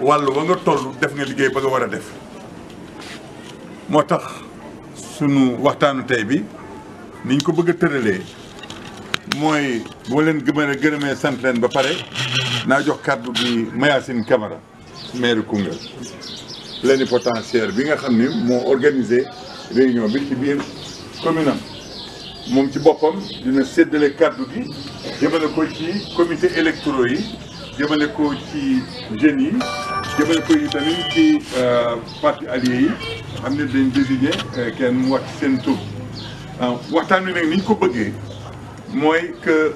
wàll wa nga toll def nga liggéey ba nga war a def moo tax sunu waxtaanu tey bi niñ ko bëgg tëralee mooy boo leen gëmën a gërëmee sant leen ba pare naa jox kàddu bi Mayacine Camara maire Koungheul plénipotentiaire bi nga xam ni moo organisé réunion bi ci biir commune am moom ci boppam dina séddalee kàddu gi jëmale ko ci comité électoraux yi jëmale ko ci jeunes yi jëmale ko yi tamit ci euh, parti alliés yi xam ne dañ désigné euh, kenn mu wax ci seen tur euh, waxtaan wi nag ni ko bëggee mooy que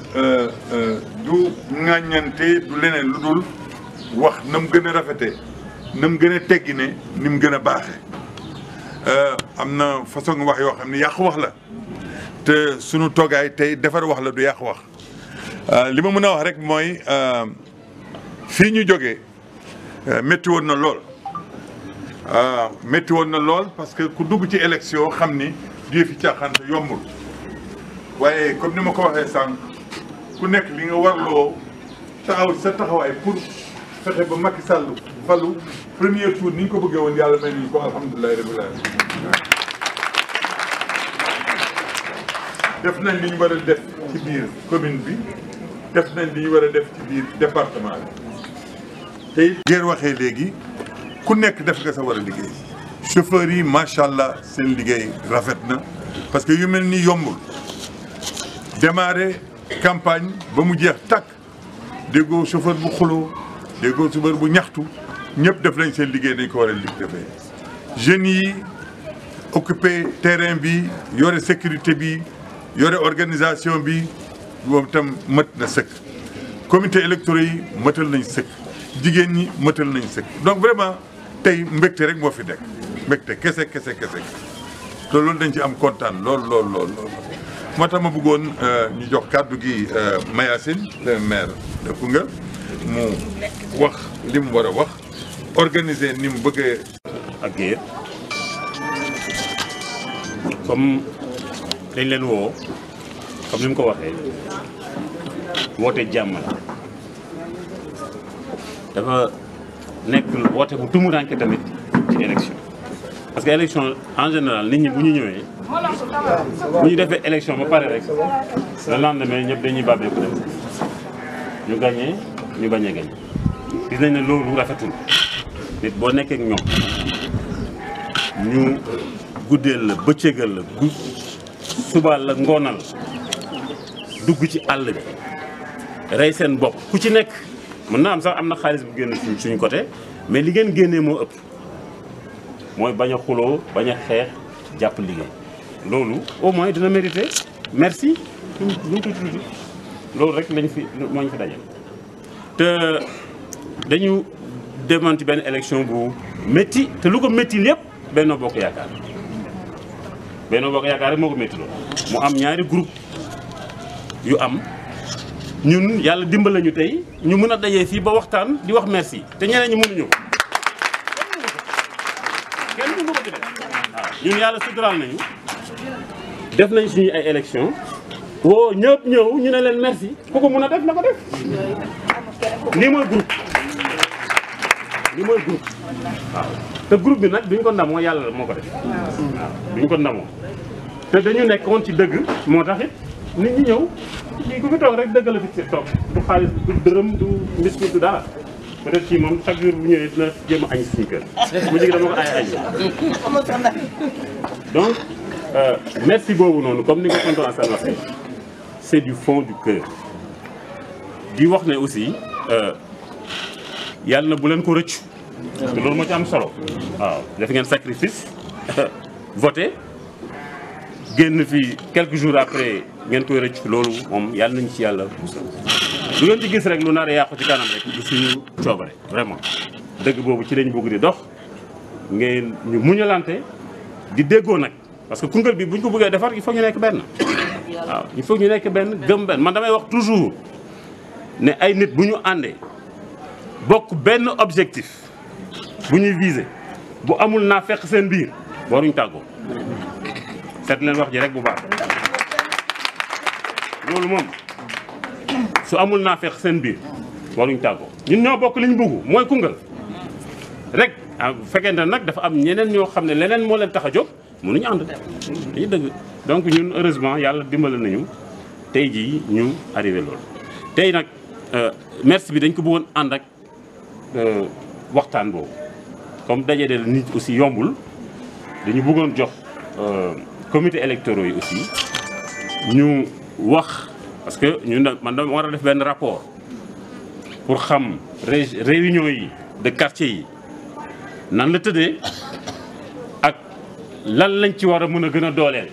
du ŋàññante du leneen lu dul wax na mu gën a rafete na mu gën a teggine ni mu gën a baaxe am na façon wax yoo xam ne yàqu wax la te sunu toogaay tey defar wax la du yàqu wax li ma mën a wax rek mooy fii ñu jógee euh, métti woon na lool ah, métti woon na lool parce que ku dugg ci élection xam ni du fi caaxaan yombul waaye comme ni ma ko waxee sànq ku nekk li nga warloo taxaw sa taxawaay pour fexe ba Macky Sall falu premier tour ni ñu ko bëggee woon yàlla may nañu ko alhamdulilah rabbil alamin def nañ li ñu war a def ci biir commune bi def nañ li ñu war a def ci biir département bi. te it ngeen waxee léegi ku nekk def nga sa war a liggéey chauffeurs yi macha allah seen liggéey rafet na parce que yu mel ni yombul démarrer campagne ba mu jeex takk déggoo chauffeur bu xuloo déggoo chauffeur bu ñaxtu ñëpp def nañ seen liggéey nañ ko war a liggéey jeunes yi occupé terrain bi yore sécurité bi yore organisation bi moom itam mët na sëkk comité électoraux yi mëtal nañ sëkk jigéen ñi mëtal nañu sëkk donc vraiment tey mbégte rek moo fi nekk mbégte kese kese kese te loolu dañ ci am kontaan lool lool lool lool moo tax ma bëggoon euh, ñu jox kàddu gi euh, Mayacine le maire de Koungheul mu wax li mu war a wax organiser ni mu bëggee ak yéen comme dañ leen woo comme ni mu ko waxee woote jàmm la dafa nekk woote bu tumuranke tamit ci élection parce que élection en général nit ñi bu ñu ñëwee bu ñu defee élection ba pare rek le lendemain ñëpp dañuy bàbbee ko dem ñu gagné ñu bañ a gagné nañ ne loolu rafetul nit boo nekkee ñoom ñu guddeel la bëccëgal la gu subaal la ngoonal dugg ci àll bi rey seen bopp ku ci nekk mën naa am sax am na xaalis bu génn suñ suñ côté mais li ngeen génnee moo ëpp mooy bañ a xuloo bañ a xeex jàpp liggéey loolu au moins dina mérité merci lu mu rek lañ fi moo fi daje te dañu demoon benn élection bu métti te lu ko métti lépp Benno Bokk Yaakaar Benno Bokk Yaakaar rek moo ko métti loolu mu am ñaari groupe yu am ñun yàlla dimbal lañu tey ñu mën a dajee fii ba waxtaan di wax merci te ñeneen ñu mënuñu ko kenn mënu ko ñun yàlla suturaal nañu def nañ suñu ay élection woo ñëpp ñëw ñu ne leen merci ku ko mën a def na ko def lii mooy groupe lii mooy groupe waaw te groupe bi nag duñ ko ndamoo yàlla la moo ko def waaw duñ ko ndamoo te dañu nekkoon ci dëgg moo taxit it nit ñi ñëw kii ku fi toog rek dëgg la fi ci toog du xaalis du dërëm du mbiskit du dara mu kii moom chaque jour bu ñëwee dina jéem a añ suñu kër mu jigi dama ko ay añ donc euh, merci boobu noonu comme ni nga tonton Assane waxee c'est du fond du wax ne aussi euh, yàlla na bu leen ko rëcc parce que loolu moo ci am solo waaw def ngeen sacrifice voté génn fi quelques jours après ngeen koy rëcc loolu moom yàlla nañu ci yàlla musal lu ngeen ci gis rek lu nar a yàqu ci kanam rek du suñu coobare vraiment dëgg boobu ci lañ bëgg di dox ngeen ñu muñalante di déggoo nag parce que Koungheul bi bu ñu ko buggee defar gi faut ñu nekk benn waaw il faut ñu nekk benn gëm benn man damay wax toujours ne ay nit bu ñu àndee bokk benn objectif bu ñuy viser bu amul naa fekk seen biir waruñ tàggoo seet leen wax ji rek bu baax loolu moom su amul naa feex seen biir waruñ tàggoo ñun ñoo bokk lañu ñu mooy Koungheul rek ah, bu fekkente nag dafa am ñeneen ñoo xam ne leneen moo leen tax a jóg mënuñu ànd dañu dëgg donc ñun heureusement yàlla dimbale nañu tey jii ñu arrivé loolu tey nag euh, merci bi dañ ko bëggoon ànd ak euh, waxtaan boobu comme daje de nit aussi yombul dañu buggoon jox euh, comité électoraux yi aussi ñu wax parce que ñun man dama war a def benn rapport pour xam réunion yi de quartier yi nan la tëddee ak lan lañ ci war a mun a gën a dooleel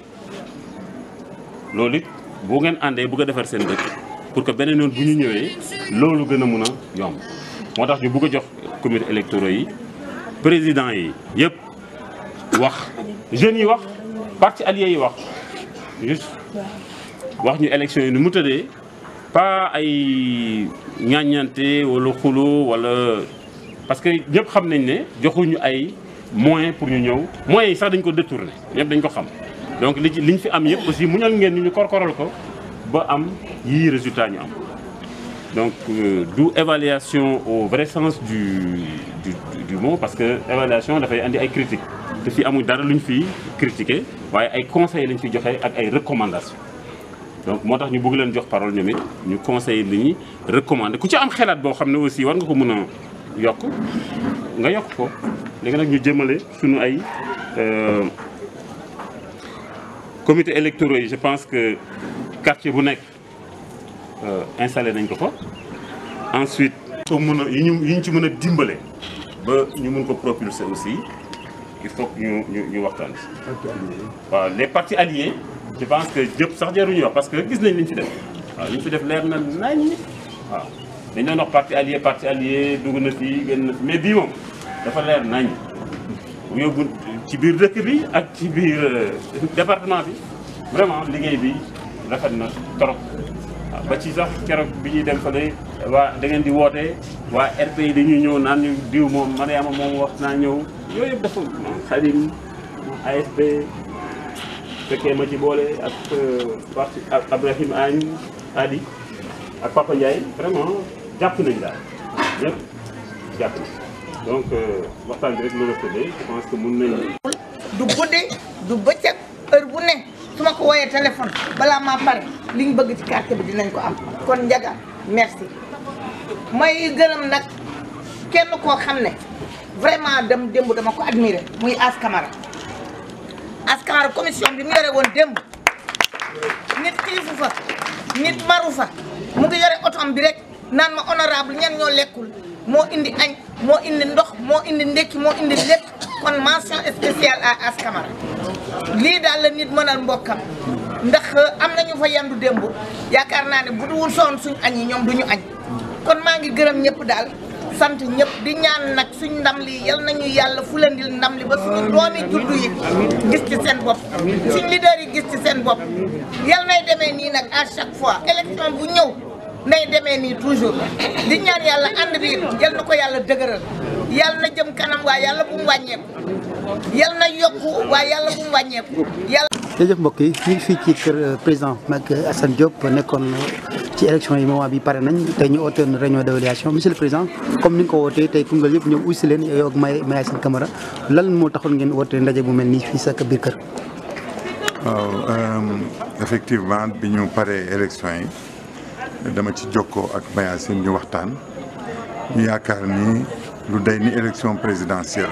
loolu boo ngeen àndee bëgg a defar seen dëkk pour que beneen yoon bu ñu ñëwee loolu gën a mun a yomb moo tax ñu bëgg jox commune électoraux yi président yi yëpp wax jeunes yi wax parti alliés yi wax wax ñu élection yi nu mu tëddee pas ay ñaañante wala xulo wala parce que ñëpp xam nañ ne joxuñu ay moyens pour ñu ñëw moyens yi sax dañ ko détourné ñëpp dañ ko xam donc li liñ fi am yëpp aussi muñal ngeen ni ñu korkoral ko ba am yi résultat ñu am donc euh, du évaluation au vrai sens du du du parce que évaluation dafay indi ay critiques te fi amul dara lu luñ fi critiqué waaye ay conseils lañ fi joxe ak ay recommandations donc moo tax ñu bugg leen jox parole ñoom it ñu conseiller li ñuy recommander ku ci am xelaat boo xam ne aussi war nga ko mën a yokk nga yokk ko léegi nag ñu jëmmale suñu ay euh, comité électoraux yi je pense que quartier bu nekk euh, installé nañ ko ko ensuite soo mën a yi ñu yi ñu ci mën a dimbale ba ñu mën ko propulser aussi il faut que ñu ñu ñu waxtaan waaw les partis alliés je pense que jëpp sax jaruñu parce que gis nañ li ñu fi def waaw li ñu fi def leer na nañ waaw dañ doon wax parti allié parti allié dugg na fi génn na fi mais bii moom dafa leer nañ mu yóbbu ci biir dëkk bi ak ci biir euh, département bi vraiment liggéey bi rafet na trop waaw ba ci sax keroog bi ñuy dem fële waa da ngeen di woote waa RPI dañuy ñëw naan ñu diw moom Mariama moom wax naa ñëw yooyu yëpp dafa xarim AFP fekkee ma ci boole ak euh, parti ak Abrahim Agne Adi ak Papa jàpp nañ daal ñëpp jàpp nañ donc euh, waxtaan bi rek loolu la que mun nañu. du guddi du bëccëg heure bu ne su ma ko wooyee téléphone balaa maa pare liñ bëgg ci quartier bi dinañ ko am kon njaga merci may gërëm nag kenn koo xam ne vraiment dem démb dama ko admirer muy As Camara. askar commission bi mu yore woon démb nit xiifu fa nit maru fa mu ngi yore otom bi rek naan ma honorable ñan ñoo lekkul moo indi añ moo indi ndox moo indi ndekki moo indi lépp kon mention spéciale à Ass lii daal la nit mënal mbokkam ndax euh, am nañu fa yandu démb yaakaar naa ne bu dul soon suñ añ yi ñoom du ñu añ kon maa ngi gërëm ñëpp daal sant ñëpp di ñaan nag suñ ndam li yal nañu yàlla fulandil ndam li ba suñu doomi juddu yi gis ci seen bopp suñ leader yi gis ci seen bopp yal nay demee nii nag à chaque fois élection bu ñëw nay demee nii toujours di ñaan yàlla ànd bi yal na ko yàlla dëgëral yal na jëm kanam waaye yàlla bu mu yal na yokku waaye yàlla bu mu wàññeeku yàlla jërëjëf mbokk yi ñu fii ci kër euh, président mag Assane Diop nekkoon ci élection yi moment bi pare nañ tey ñu oote woon réunion d'évaluation monsieur le président comme ni nga ko wootee tey Koungheul yëpp ñëw uysi leen yow ak May Maye Sine Camara lan moo taxoon ngeen woote ndaje bu mel nii fii sa biir kër. waaw euh, effectivement bi ñu paree élection yi dama ci jokkoo ak Maye Sine ñu waxtaan yaakaar ni lu day ni élection présidentielle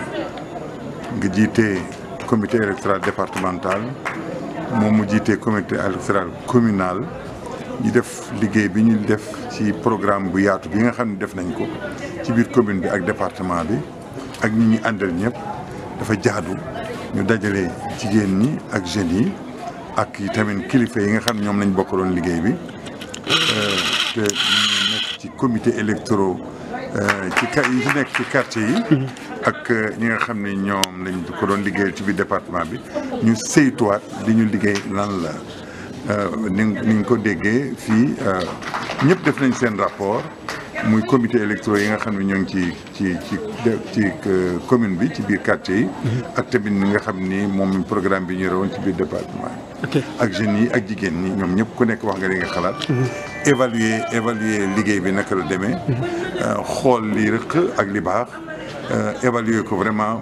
nga jiite comité électoral départemental moom mu jiitee comité électoral communal. ñu def liggéey bi ñu def ci programme bu yaatu bi nga xam ne def nañ ko ci biir commune bi ak département bi ak ñi ñu àndal dafa jaadu ñu dajale jigéen ñi ak jeunes yi ak i tamit kilifa yi nga xam ne ñoom lañ bokkaloon liggéey bi euh, te ñu nekk ci comité électoral euh, ci yi ci nekk ci quartier yi. Mm-hmm. ak euh, ñi nga xam ne ñoom lañ ko doon liggéey ci biir département bi ñu saytuwaat di ñu liggéey lan la. Euh, ni ni ko déggee fii euh, ñëpp def nañ seen rapport muy comité électro yi nga xam ne ñoo ngi ci ci ci ci euh, commune bi ci biir quartier yi. Mhm. ak tamit ñi nga xam ni moom programme bi ñu rewoon ci biir département ak jeunes yi ak jigéen ñi ñoom ñëpp ku nekk wax nga li nga xalaat. Mhm. évaluer évaluer liggéey bi naka lu demee. Mhm. xool li rëq ak li baax évaluer ko vraiment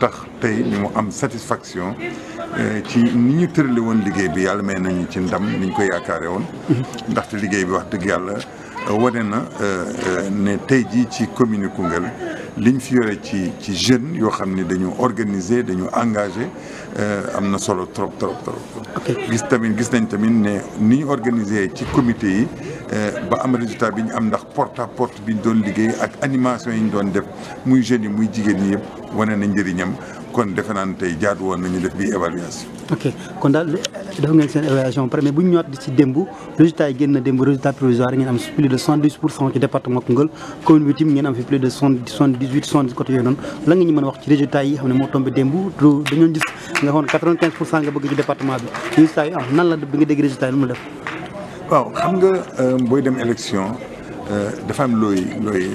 tax tey ñu mu am satisfaction. Eh, ci ni ñu tërale woon liggéey bi yàlla may nañu ci ndam ni ñu ko yaakaare woon mhm. ndaxte liggéey bi wax dëgg yàlla eh, wane na eh, ne tey jii ci commune Koungheul liñ fi yore ci ci jeunes yoo xam ne dañu organiser dañu engagé am na solo trop trop trop. gis tamit gis nañ tamit ni ñu organiser ci comité yi ba am résultat bi ñu am ndax porte à porte bi ñu doon liggéey ak animation yi ñu doon def muy jeunes yi muy jigéen ñi yëpp wane na njëriñam. kon defe naa tey jaadu woon nañu def bi évaluation. ok kon daal def ngeen seen évaluation pare mais bu ñu ñëwaat ci démb résultat yi génn démb résultat provisoire ngeen am plus de soixante dix pour cent ci département Koungheul commune bi ngeen am fi plus de soixante dix huit soixante dix côté yooyu nga bëgg ci département bi résultat yi am nan la bi nga dégg résultat yi lu mu def. waaw xam nga euh, booy dem élection euh, dafa am looy looy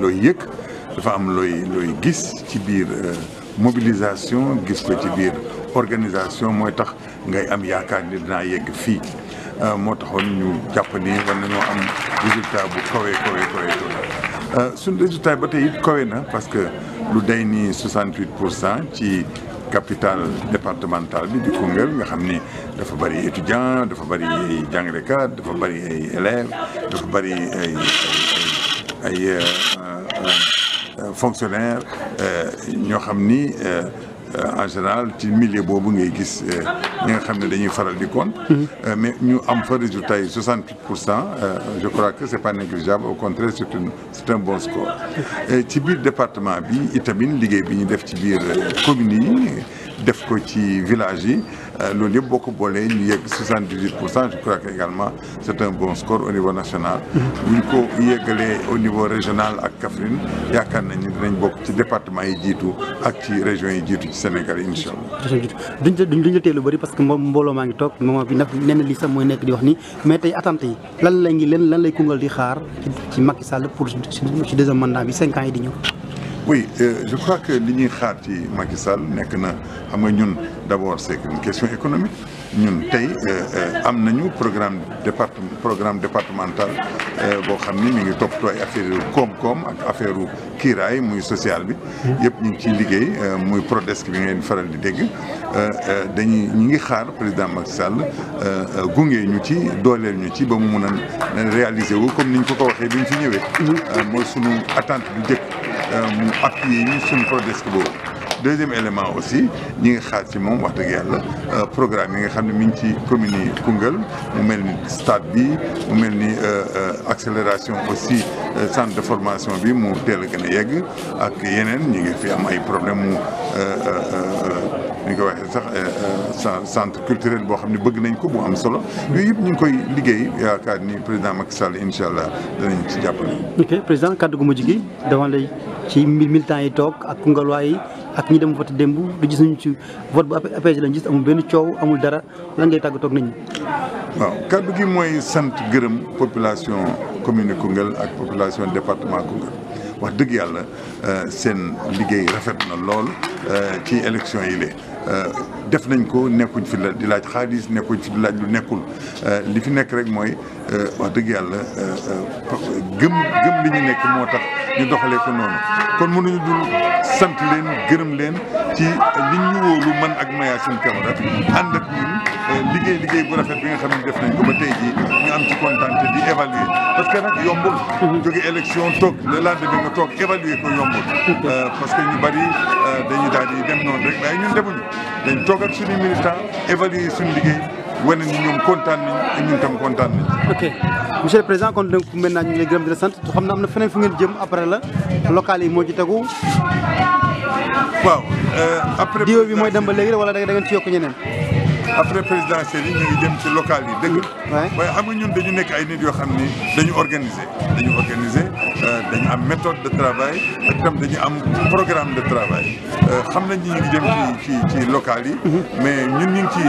looy looy gis ci biir. Euh, mobilisation gis ko ci biir organisation mooy tax ngay am yaakaar ni dinaa yegg fii euh, moo taxoon ñu jàpp ni war nañoo am résultat bu kawe kawe kawe euh, suñu résultat ba tey kawe na parce que lu day ni 68 pour cent ci capital départemental bi di Koungheul nga xam ni dafa bëri étudiant dafa bëri ay jàngalekat dafa bëri ay élèves dafa bëri ay ay. Euh, fonctionnaire euh, ñoo xam ni euh, euh, en général ci milieu boobu ngay gis ñi nga xam ne dañuy faral di compte mais ñu am fa résultat yi 68 pour cent je crois que c'est pas négligeable au contraire c'est une c'est un bon score ci biir département bi itamit liggéey bi ñu def ci biir communes yi def ko ci village yi euh, loolu yëpp boo ko boolee ñu yegg 78 pour cent je crois que également c' est bon score au niveau national. Mm-hmm. bu ñu ko yeggalee au niveau régional ak Kaffrine yaakaar nañ ni dinañ bokk ci département yi jiitu ak ci régions yi jiitu ci Sénégal incha allah. duñ la duñ la teel lu bëri parce que moom mbooloo maa ngi toog moment bi nag nee na lii sax mooy nekk di wax ni mais tey attente yi lan la ngi leen lan lay Koungheul di xaar ci Macky Sall pour ci deuxième mandat bi cinq ans yi di ñëw. oui euh, je crois que li ñuy xaar ci Macky Sall nekk na xam nga ñun d'abord c'est une question économique ñun tey euh, euh, am nañu programme département programme départemental boo xam ni mi ngi toppatoo ay affaire yu koom-koom ak affaire u kiiraay muy social bi. Mm-hmm. yëpp ñu ngi ciy liggéey muy Prodesc bi ngeen faral di dégg dañuy ñu ngi xaar président Macky Sall gunge ñu ci dooleel ñu ci ba mu mun a réaliser wu comme ni ñu ko ko waxee bi ñu fi ñëwee. Mm-hmm. mooy sunu attente bu njëkk. Euh, mu appuyer ñu suñu protest boobu deuxième élément aussi ñi ngi xaar ci moom wax dëgg yàlla euh, programme yi nga xam ne mi ngi ci commune yi Koungheul mu mel ni stade bi mu mel ni euh, accélération aussi centre de formation bi mu teel a gën a yegg ak yeneen ñi ngi fi am ay problème mu ñu ko waxee sax centre culturel boo xam ne bëgg nañ ko bu am solo yooyu yëpp ñu ngi koy liggéey yaakaar ni président Macky Sall incha allah danañ ci jàppale. ok président kàddu gu mujj gi ci militants yi toog ak Koungheulois ak ñi dem vote démb du gis suñu ci vote bu APG lañ gis amul benn coow amul dara lan ngay tàgg toog nañu waaw kàddu gi mooy sant gërëm population commune Koungheul ak population département Koungheul wax dëgg yàlla euh, seen liggéey rafet na lool euh, ci élection yi lee euh, def nañ ko nekkuñ fi la di laaj xaalis nekkuñ fi di laaj lu nekkul euh, li fi nekk rek mooy euh, wax dëgg yàlla euh, gëm gëm li ñu nekk moo tax ñu doxalee ko noonu kon mënuñu du sant leen gërëm leen ci liñ ñu wóolu man ak Mayacine Camara ànd ak ñun liggéey liggéey bu rafet bi nga xam ne def nañ ko ba tey jii ñu am ci kontaan te di évaluer parce que nag yombul. jóge élection toog le lendemain nga toog évaluer ko yombul. parce que ñu bari dañu daal di dem noonu rek waaye ñun demuñu. dañ toog ak suñu militant évaluer suñu liggéey wane ni ñoom kontaan nañ ak tam kontaan nañ. ok monsieur le président kon donc maintenant ñu ngi lay gërëm di la sant xam ne am na feneen fu ngeen jëm après la local yi moo ci tegu. waaw euh, après. diwo bi mooy dem ba léegi wala da ngeen ci yokk ñeneen. après présidentielle yi ñu ngi jëm ci local yi dëgg waaye xam nekk ay nit yoo xam ni dañu organiser dañu organiser euh, dañu am méthode de travail ak tam dañu am programme de travail euh, xam nañ ñi mhm. ñu ngi ci ci ci yi mais ñu ngi ci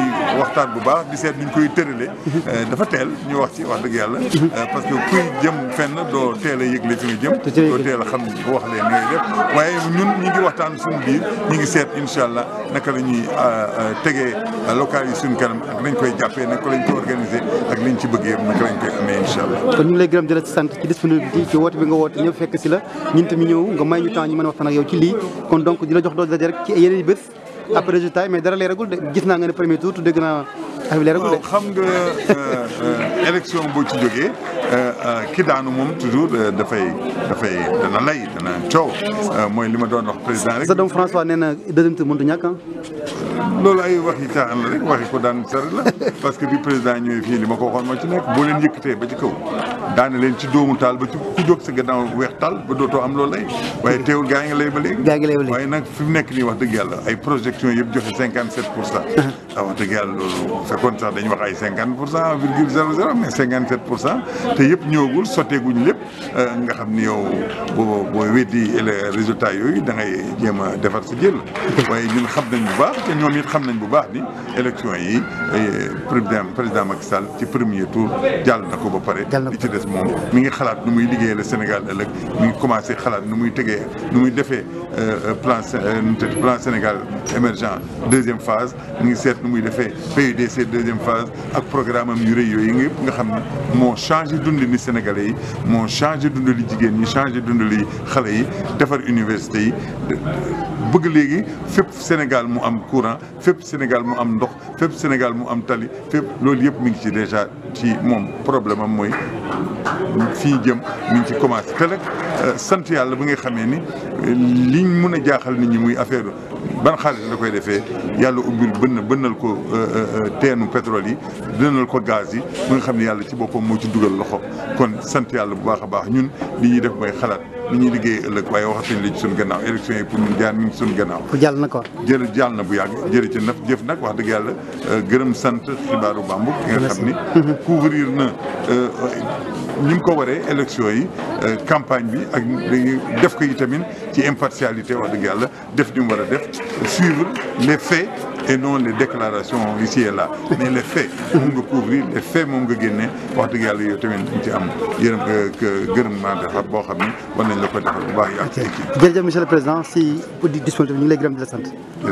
waxtaan bu baax di seet ñu koy tërale euh, dafa teel ñu wax ci wax dëgg yàlla euh, parce que kuy jëm fenn doo teel a yëgle fi nga jëm doo teel a xam wax leen ni def waaye ñun ngi waxtaan suñu biir ñi ngi seet incha allah naka la euh, tegee local yi suñu kanam ak nañ koy jàppee naka lañ ko organiser ak liñ ci bëgg yëpp naka lañ koy amee incha allah kon ñu lay gërëm di la sant ci disponibilité ci woote bi nga woote ñëw fekk si la ñun tamit ñëw nga may a après résultat yi mais dara leeragul de gis naa nga ne premier tour dégg naa affaire leeragul de. xam nga euh, euh, élection boo ci jógee euh, ki daanu moom toujours dafay dafay dana lay dana coow mooy li ma doon wax président rek. sa doom François nee na deuxième tour mënut a ñàkk ah. loolu ay waxi caaxaan la rek waxi ko daan sare la parce que bi président ñëwee fii li ma ko waxoon moo ci nekk boo leen yëkkatee ba ci kaw daane leen ci doomu taal ba ci ku joxe cinquante sept pour cent uh-huh. ah wax dëgg yàlla loolu fekkoon sax dañu wax ay cinquante pour cent virgule zéro zéro mais cinquante sept pour euh, nga xam ni yow boo boo weddi résultat yooyu da ngay jéem a defar sa jël waaye ñun xam nañ bu baax ñoom it xam nañ bu baax ni élection yi eh, président président Macky Sall ci premier tour jàll na ko ba pare. li ci des moom mi ngi xalaat nu muy liggéeyee la Sénégal ëllëg mi ngi commencé xalaat nu muy tegee nu muy defee eh, plan eh, plan Sénégal émergent deuxième phase mi ngi seet nu muy defee PUDC deuxième phase ak programme am yu rëy yooyu yëpp nga xam ne moo changé dund ni Sénégalais yi moo changé dund li jigéen ñi changé dund li xale yi defar université yi bëgg léegi fépp Sénégal mu am courant. fépp Sénégal mu am ndox fépp Sénégal mu am tali fépp loolu yëpp mi ngi ci déjà ci moom problème am mooy fii jëm mi ngi ci commencé te euh, sant yàlla bi nga xamee ni liñ mun a jaaxal nit ñi muy affaire ban xaalis la koy defee yàlla ubbil bënn nal ko euh, euh, teenu pétrole yi nal ko gaz yi mu nga xam ne yàlla ci boppam moo ci dugal loxo kon sant yàlla bu baax a baax ñun li ñuy def mooy xalaat lu ñuy liggéey ëllëg waaye waxatuñ la ci suñu gannaaw élection yi pour ñu jaar ñu ngi suñu gannaaw. jàll na ko jël jàll na bu yàgg jërë ci naf jëf nag wax dëgg yàlla euh, gërëm sant xibaaru bambuk ki nga xam ni couvrir na euh, ni mu ko waree élection yi euh, campagne bi ak def ko tamit ci impartialité wax dëgg yàlla def li mu war a def suivre les et non les déclarations ici et là mais les faits moom nga couvrir les faits moom nga génne wax dëgg yàlla yow tamit dañ ci am yërëm euh, gërëm naa defar boo xam ne war nañ la ko defal bu baax yaa ci équipe jërëjëf monsieur le président si disponible ñu ngi lay gërëm di la sant